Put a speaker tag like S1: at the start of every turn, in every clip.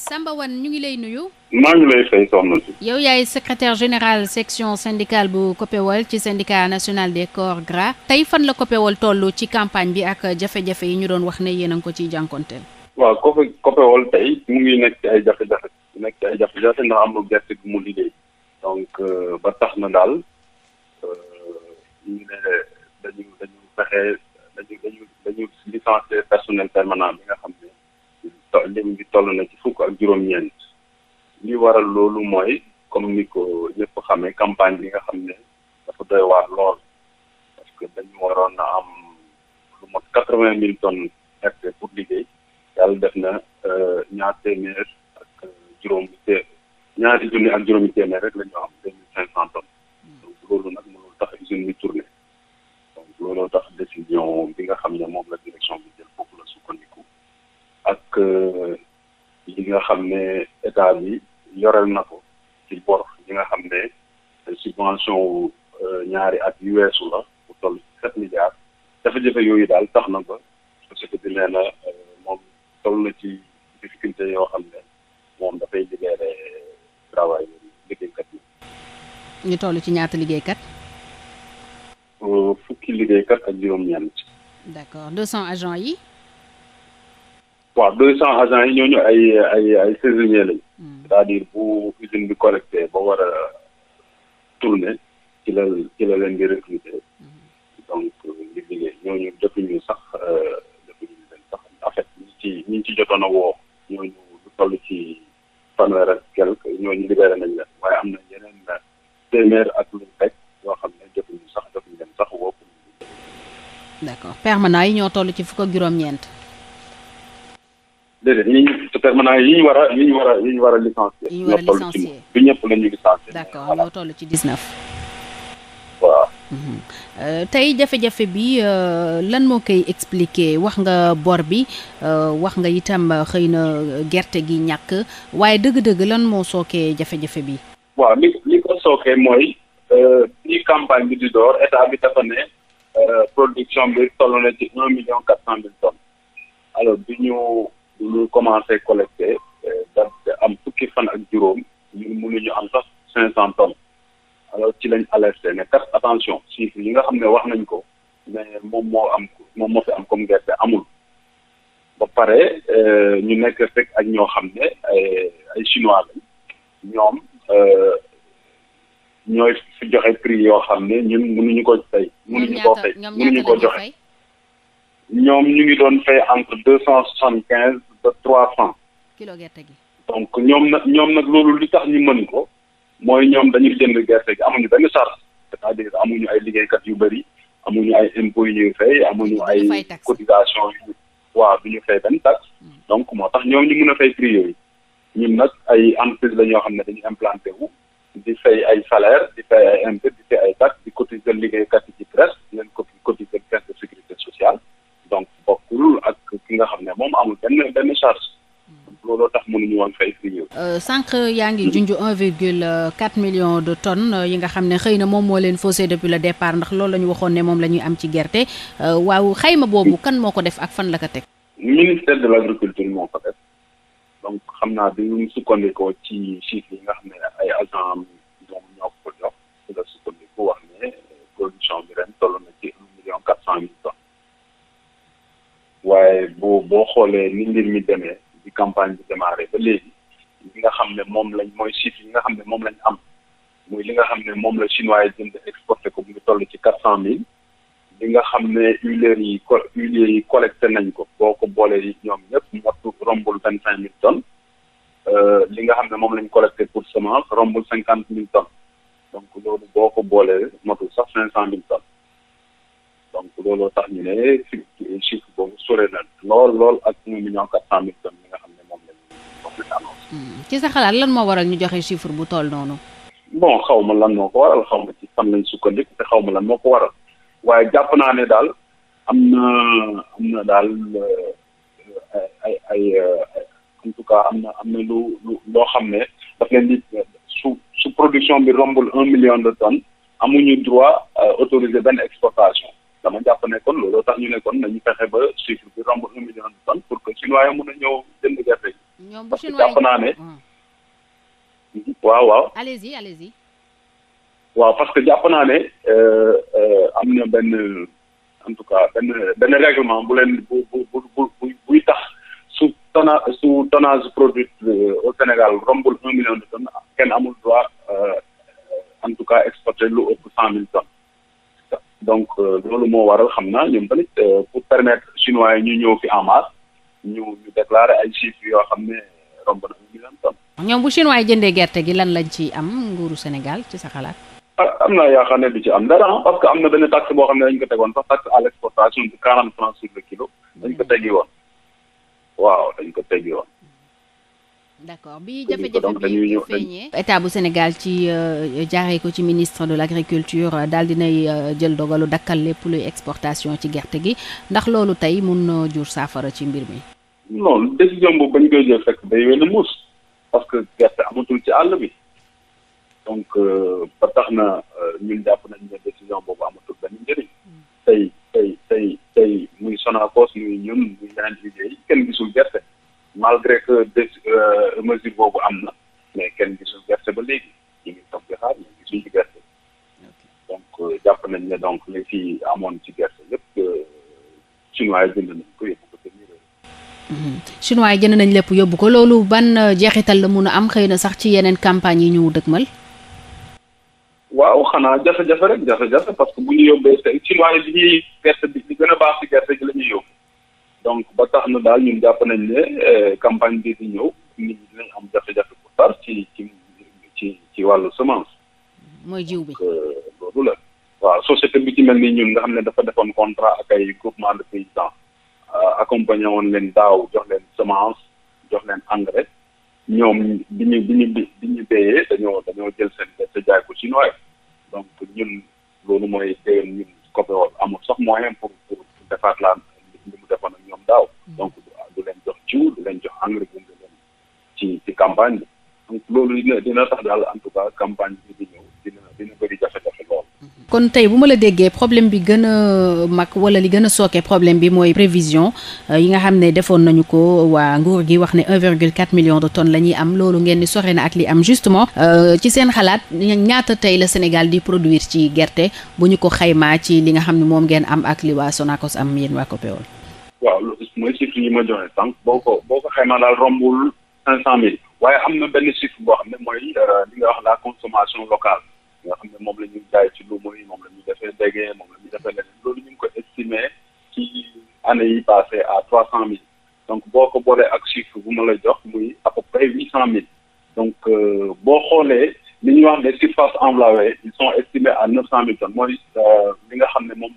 S1: Samba wan ñu ngi lay nuyu.
S2: maa ngi lay fay soxna si.
S1: yow yaay secretaire général section syndicale bu COPEOL ci syndicat national des corps gras tey fan la COPEOL toll ci campagne bi ak jafe-jafe yi ñu doon wax ne yéen ngi ko ciy jànkonteel.
S2: waaw COPE COPEOL tey mu ngi nekk ci ay jafe-jafe nekk ci ay jafe-jafe ndax amul gerte mu liggéey. donc euh, ba tax na daal euh, ñu ne dañu dañu fexe dañu dañu personnel permanent bi nga lim bi toll na ci fukk ak juróom-ñeent li waral loolu mooy comme ni ko ñëpp xamee campagne bi nga xam ne dafa doy waar lool parce que dañu waroon na am lu ma quatre-vingt mille tonnes gerte pour liggéey yàlla def na euh, ñaar téeméer ak juróomi té ñaari junni ak juróomi téeméer rek la ñu am deux mille cinq cent tonnes loolu nag mënul tax usine bi tourné donc looloo tax décision bi nga xam ne moom la direction bi jël foofu la sukkandiku ak euh, nga xam ne état bi yorel na ko ci bor yi nga xam ne subvention wu euh, ñaari at yu weesu la bu toll sept milliards jafe-jafe yooyu daal tax na ko ba société bi nee na euh, moom toll na ci difficulté yoo xam ne moom dafay libéré travail liggéeykat yi
S1: ñu toll ci ñaata liggéeykat
S2: euh, fukki liggéeykat ak juróom-ñeent
S1: d'accord deux cents agents yi
S2: waaw deux cent agent yi ñooñu ay ay ay saisonniers lañ. Hmm. c'est-à-dire bu usine bi collecté ba war a tourner ci la ci la leen di recruter hmm. donc euh, di liggéey ñooñu jotuñu sax euh, jotuñu leen sax en fait ci ñu ci jotoon a woo ñooñu lu ci fanweer ak quelque ñooñu libéré nañ waaye am na yeneen téeméer ak lu teg yoo xam ne jotuñu sax jotuñu leen sax woo. d'accord
S1: permanent yi ñoo toll ci fukk ak juróom-ñeent.
S2: déedéet ñi ñu permanent yi ñu war yi ñu war a yi ñu war du ñëpp la ñu licencier. d'accord
S1: ñoo toll ci 19. waaw. Mhm. Euh, tey jafe-jafe bi euh, lan moo koy expliquer wax nga bor bi euh, wax nga itam xëy na gerte gi ñàkk waaye dëgg-dëgg lan moo sookee jafe-jafe bi.
S2: waaw li li ko sookee mooy ci campagne bi di door état bi dafa ne production bi toll na ci un million quatre cent mille tonnes alors bi ñu. ñu commencé collecté euh, da am fukki fan ak juróom ñu mënuñu am sax cinq cent tonnes alors ci lañ alerté ne kat attention chiffres yi nga xam ne wax nañ ko mais moom moo am moom moo fi am comme gerte amul ba pare euh, ñu nekk fekk ak ñoo xam ne ay chinois lañ ñoom euh, ñooy fi joxe prix yoo xam ne ñun mënuñu ko fay mënuñu koo fay mënuñu ko joxe ñoom ñu ngi doon fay entre deux cent soixante quinze ba trois cent. kilo gerte gi. donc ñoom nag ñoom nag loolu li tax ñu mën ko mooy ñoom dañuy jënd gerte gi amuñu benn charge c'est-à-dire amuñu ay liggéeykat yu bëri amuñu ay impôts yu ñuy fay amuñu ay cotisation yu waaw du ñu fay benn taxe hmm. donc moo tax ñoom ñu mën a fay prix yooyu ñun nag ay entreprise la ñoo xam ne dañu implanté wu di fay ay salaire di fay ay impôt di fay ay taxe di cotiser liggéeykat yi ci presse di leen cotiser caisse de bokkul ak ki nga xam ne moom amul benn benn charge hmm. looloo tax mënuñu woon fay fi ñëw.
S1: Euh, sànq yaa ngi junj 1,4 million de ton euh, yi nga xam ne xëy na moom moo leen faussé depuis le départ ndax loolu la ñu waxoon ne moom la ñuy am ci gerte euh, waaw xayma boobu kan moo ko def ak fan laka ko teg.
S2: ministère de l' moo ko def donc xam naa bi ñu sukkandikoo ci chiffres yi nga xam ne ay agents ñoom ñoo ko jox ci la sukkandiku wax ne production bi ren toll na ci un waaye boo boo xoolee ni mbir mi demee di campagne bi démarré ba léegi li nga xam ne moom lañ mooy site yi nga xam ne moom lañ am muy li nga xam ne moom la chinois yi jënd exporté ko mu ngi toll ci quatre cent mille li nga xam ne huiliers yi co huiliers yi collecté nañ ko boo ko boolee yi ñoom ñëpp mottu rombul vingt cinq mille tonnes euh, li nga xam ne moom lañ collecté pour semence rombul cinquante mille tonnes donc loolu boo ko boolee motul sax cinq cent mille tonnes donc looloo tax ñu ne chiffre boobu na lool lool ak un nga xam ne moom lañ hmm.
S1: ci sa xalaat lan moo waral ñu joxe chiffre bu toll noonu.
S2: bon xaw ma lan moo ko waral xaw ma ci fan lañ sukkandiku te xaw ma lan moo ko waral waaye jàpp naa ne daal am na am na daal eh, ay ay eh, en tout cas am na am na lu loo xam ne daf leen di su production bi rombul un million de tonnes amuñu droit euh, autoriser benn exportation dama jàpp ne kon looloo tax ñu nekkoon kon nañu fexe ba chiffre bi romb un million de tonnes pour que chinois yi mën a ñëw jënd gerte
S1: yi parce que jàpp naa ne.
S2: Ah. waaw waaw.
S1: allez-y allez-y.
S2: waaw parce que jàpp naa ne euh, euh, am na benn en tout cas benn benn règlement bu leen bu bu bu buy tax su tonna su tonnage produit euh, au Sénégal rombul un million de tonnes kenn amul droit en tout cas exporter lu ëpp cent mille tonnes. donc euh, loolu moo waral xam naa ñoom tamit euh, pour permettre chinois yi ñu ñëw fi en masse ñu ñu déclarer ay chiffres yoo xam ne romb na ñu leen
S1: tonn. ñoom bu chinois yi jëndee gerte gi lan lañ ci am nguuru Sénégal ci sa xalaat.
S2: Ah, am naa na xam ne du ci am dara parce que am na benn taxe boo xam ne dañ ko tegoon sax taxe à l' exportation de quarante francs sur kilo dañ ko mm-hmm. teggi woon waaw dañ ko teggi woon.
S1: d'accord bi jafe-jafe bi état bu Sénégal ci euh, jaaree ko ci ministre de l'agriculture euh, daal dinay euh, jël dogalu dakkal lépp luy exportation ci gerte gi ndax loolu tey mun na jur saafara ci mbir mi.
S2: non décision boobu bañ koy jël fekk day wenn muus parce que gerte amatul ci àll bi donc ba tax na ñun jàpp nañ ne décision boobu amatul benn njëriñ mm. tey tey tey tey muy Sonacos muy ñun muy yeneen liggéey kenn gisul gerte. malgré que des euh, mesure boobu am na mais kenn gisul gerte ba léegi ñu ngi toog di xaar mais gisuñ ci gerte donc euh, jàpp nañ ne donc li fi amoon ci gerte lépp euh, chinois yi jënd nañ ko yóbbu ko seen mhm.
S1: chinois yi jënd nañ lépp yóbbu ko loolu ban jeexital la mun a am xëy na sax ci yeneen campagne yi ñu dëgmal.
S2: waaw xanaa jafe-jafe rek jafe-jafe parce que bu ñu yóbbee seen bi ñuy gerte bi li gën a baax ci gerte gi na daal ñun jàpp nañ ne euh, campagne bi di ñëw nit ñi dinañ am jafe-jafe bu tar ci ci ci ci wàllu semence. mooy jiw bi euh, loolu la. waaw société bi ci mel nii ñun nga xam ne dafa defoon contrat ak ay groupement de paysans euh, accompagné woon leen daaw jox leen semence jox leen engrais ñoom bi ñu bi ñu bi ñu béyee dañoo dañoo jël seen. dina dina tax daal en tout cas campagne bi dina bëri jafe-jafe lool.
S1: kon tey bu ma la déggee problème bi gën a mag wala li gën a sooke problème bi mooy prévision euh, yi nga xam ne defoon nañu ko waa nguur gi wax ne 1,4 million de tonnes lañuy am loolu ngeen ni sore na ak li am justement euh, ci seen xalaat ñaata tey la Sénégal di produire ci gerte bu ñu ko xaymaa ci li nga xam ne moom ngeen am ak li waa Sonacos am yéen waa COPEOL.
S2: waaw mooy chiffre yi ko boo ko xaymaa waaye am na benn chiffre boo xam ne mooy euh, li nga wax la consommation locale nga xam ne moom la ñuy jaay ci luuma yi moom la ñuy defee déggee moom la ñuy defee leneen loolu ñu ngi ko estimer ci année yi passé à trois cent mille donc boo ko boolee ak chiffre bu ma la jox muy à peu près cent mille donc euh, boo xoolee li ñuy wax les surfaces englobées ils sont à neuf cent mille tonnes mooy euh, li nga xam ne moom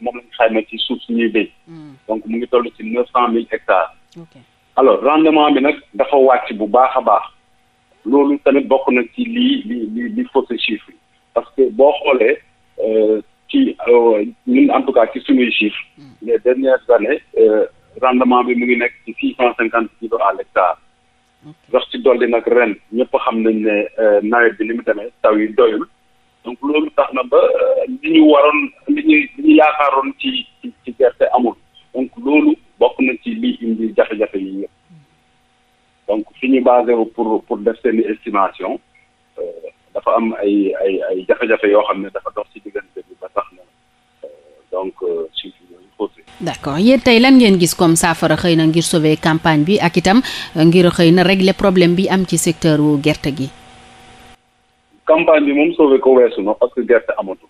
S2: moom la ñu xayma ci suuf suñuy béy hmm. donc mu ngi toll ci neuf cent mille hectares rendement bi nag dafa wàcc bu baax a baax loolu tamit bokk na ci lii li li li fausse chiffre parce que boo xoolee euh, ci euh, ñun en tout cas ci suñuy chiffre hmm. les dernières années euh, rendement bi mu ngi nekk ci six cent cinquante kilos à l'hectare ndax ci dolli nag ren ñëpp xam nañ ne nawet bi ni mu demee taw yi doyul donc loolu tax na ba li ñu waroon li li ñu yaakaaroon ci basé pour pour def seen i estimation euh, dafa am ay ay ay jafe-jafe yoo xam ne dafa dox ci diggante bi ba tax na euh, donc euh, surtout
S1: d' accord yéen tey lan ngeen gis comme saafara xëy na ngir sauver campagne bi ak itam ngir xëy na régler problème bi am ci secteur wu gerte gi.
S2: campagne bi moom sauver ko weesu na parce que gerte amatul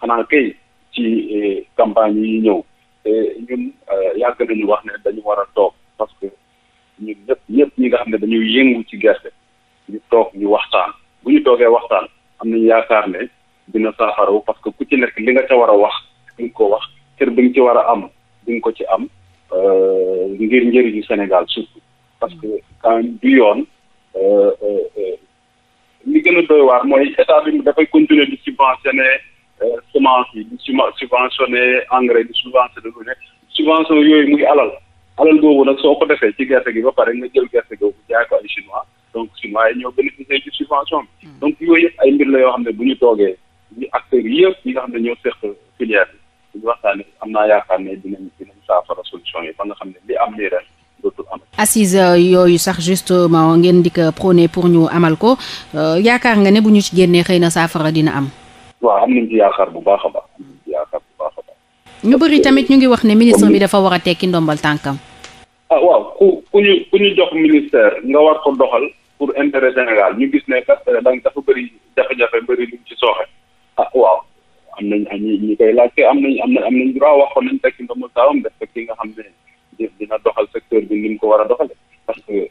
S2: xanaa kay ci campagne yi ñëw te ñun yàgg nañu wax ne dañu war a toog parce que. ñu ñëpp ñëpp ñi nga xam ne dañuy yëngu ci gerte ñu toog ñu waxtaan bu ñu toogee waxtaan am nañu yaakaar ne dina saafaraw parce que ku ci nekk li nga ca war a wax di nga ko wax cër bi nga ci war a am di nga ko ci am euh, ngir njëriñu Sénégal surtout parce que quand du yoon euh, euh, li gën a doy waar mooy état bi dafay continuer di subventionné semence yi di subventionné engrais di subventionné lu ne subvention yooyu muy alal alal boobu nag soo ko defee ci gerte gi ba pare nga jël gerte googu jaay ko ay chinois donc chinois hmm. yooyu yëpp ay la yoo xam ne bu ñu toogee ñu nga xam ne ñoo seq filière bi bu ñu waxtaanee am naa yaakaar ne dinañ dinañ saafara solution yi ba nga xam ne li am lii ren dootul am.
S1: assise euh, yooyu sax justement ngeen dikk ko pour ñu amal ko euh, yaakaar nga ne bu ñu ci génnee xëy na saafara dina am.
S2: waaw am nañ ci yaakaar bu baax a baax. Hmm.
S1: ñu bëri tamit ñu ngi wax ne ministre bi dafa war a tekki ndombal tànkam.
S2: ah waaw ku ku ñu ku ñu jox ministère nga war ko doxal pour intérêt Sénégal ñu gis ne kat euh, danga dafa bëri jafe-jafe bëri lu ci sooxe ah waaw am nañ ñi ñi laaj laajte am nañ am am nañ droit wax ko nañ tekki ndombal tànkam def fekki nga xam ne dina doxal secteur bi ni ko war a doxale parce que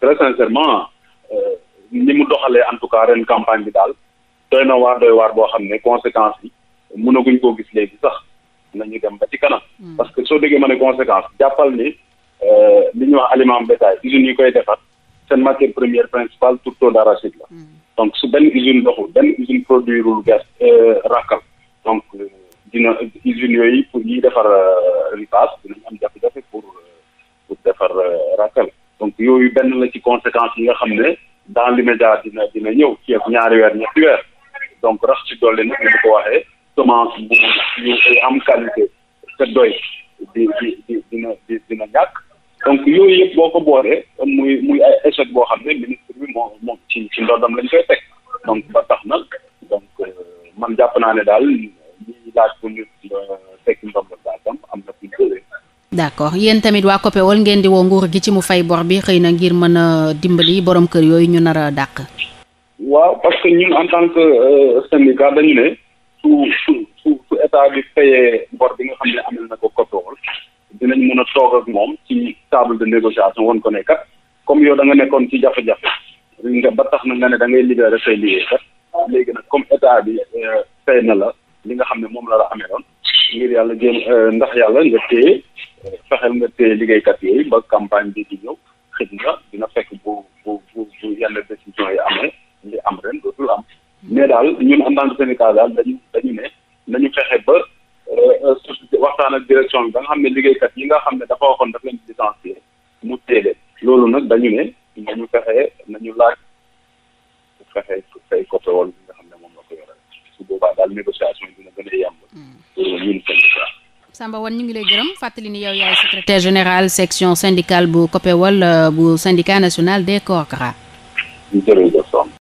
S2: très sincèrement euh, ni mu doxalee en tout cas ren campagne bi daal doy na waar doy waar boo xam ne conséquences yi koo gis léegi sax. nañu dem ba ci kanam. Hmm. parce que soo déggee ma ne conséquence jàppal ni euh, li ñuy wax aliment bétail usines yi koy defar seen matière première principale tourteau d'arachide la. Hmm. donc su benn usine doxul benn usine produirul gerte euh, ràkkal donc euh, dina usines yooyu pour ñuy defar ripaas dinañ am jafe-jafe pour pour defar ràkkal donc yooyu benn la ci conséquence yi nga xam ne dans l'immédiat dina dina ñëw ci ñaari weer ñetti weer donc rax ci dolli nag ni ko waxee. semence bu am qualité te doy di di di dina di dina ñàkk donc yooyu yëpp boo ko booree muy muy ay échec boo xam ne ministre bi moom ci ci ndoddam lañ koy teg donc ba tax nag donc euh, man jàpp naa ne daal lii laaj bu nit euh, teg am na fi jógee.
S1: d'accord yéen tamit waa COPEOL ngeen di woo nguur gi ci mu fay bor bi xëy na ngir mën a dimbali borom kër yooyu ñu nar a dàq.
S2: waaw parce que ñun en tant que euh, syndicat dañu ne. su su su su état bi fayee bor bi nga xam ne am na ko Cotool dinañ mën a toog ak moom ci table de négociation woon ko ne comme yow da nga nekkoon ci jafe-jafe nga ba tax na nga ne da ngay libéré say liggéey kat léegi nag comme état bi euh, fay na la li nga xam ne moom la la amee doon ngir yàlla jéem euh, ndax yàlla nga téye euh, fexeel nga téye liggéeykat yooyu ba campagne bi di ñëw xëj na dina fekk bu bu bu yenn décision yi amee. mais daal ñun en tant que syndicat daal dañu dañu ne nañu fexe ba euh, euh, waxtaan ak direction bi ba nga xam ne liggéeykat yi nga xam ne dafa waxoon daf leen licencier mu téele loolu nag dañu ne nañu fexe nañu laaj fexe fay coppe wala nga xam ne moom la ko yore su boobaa daal négociation yi dina gën a yàmb hmm. loolu ñun
S1: ñu ngi lay gërëm fàttali ni yow yaay secrétaire général section syndicale bu COPEOL euh, bu syndicat national des corps gras. jërëjëf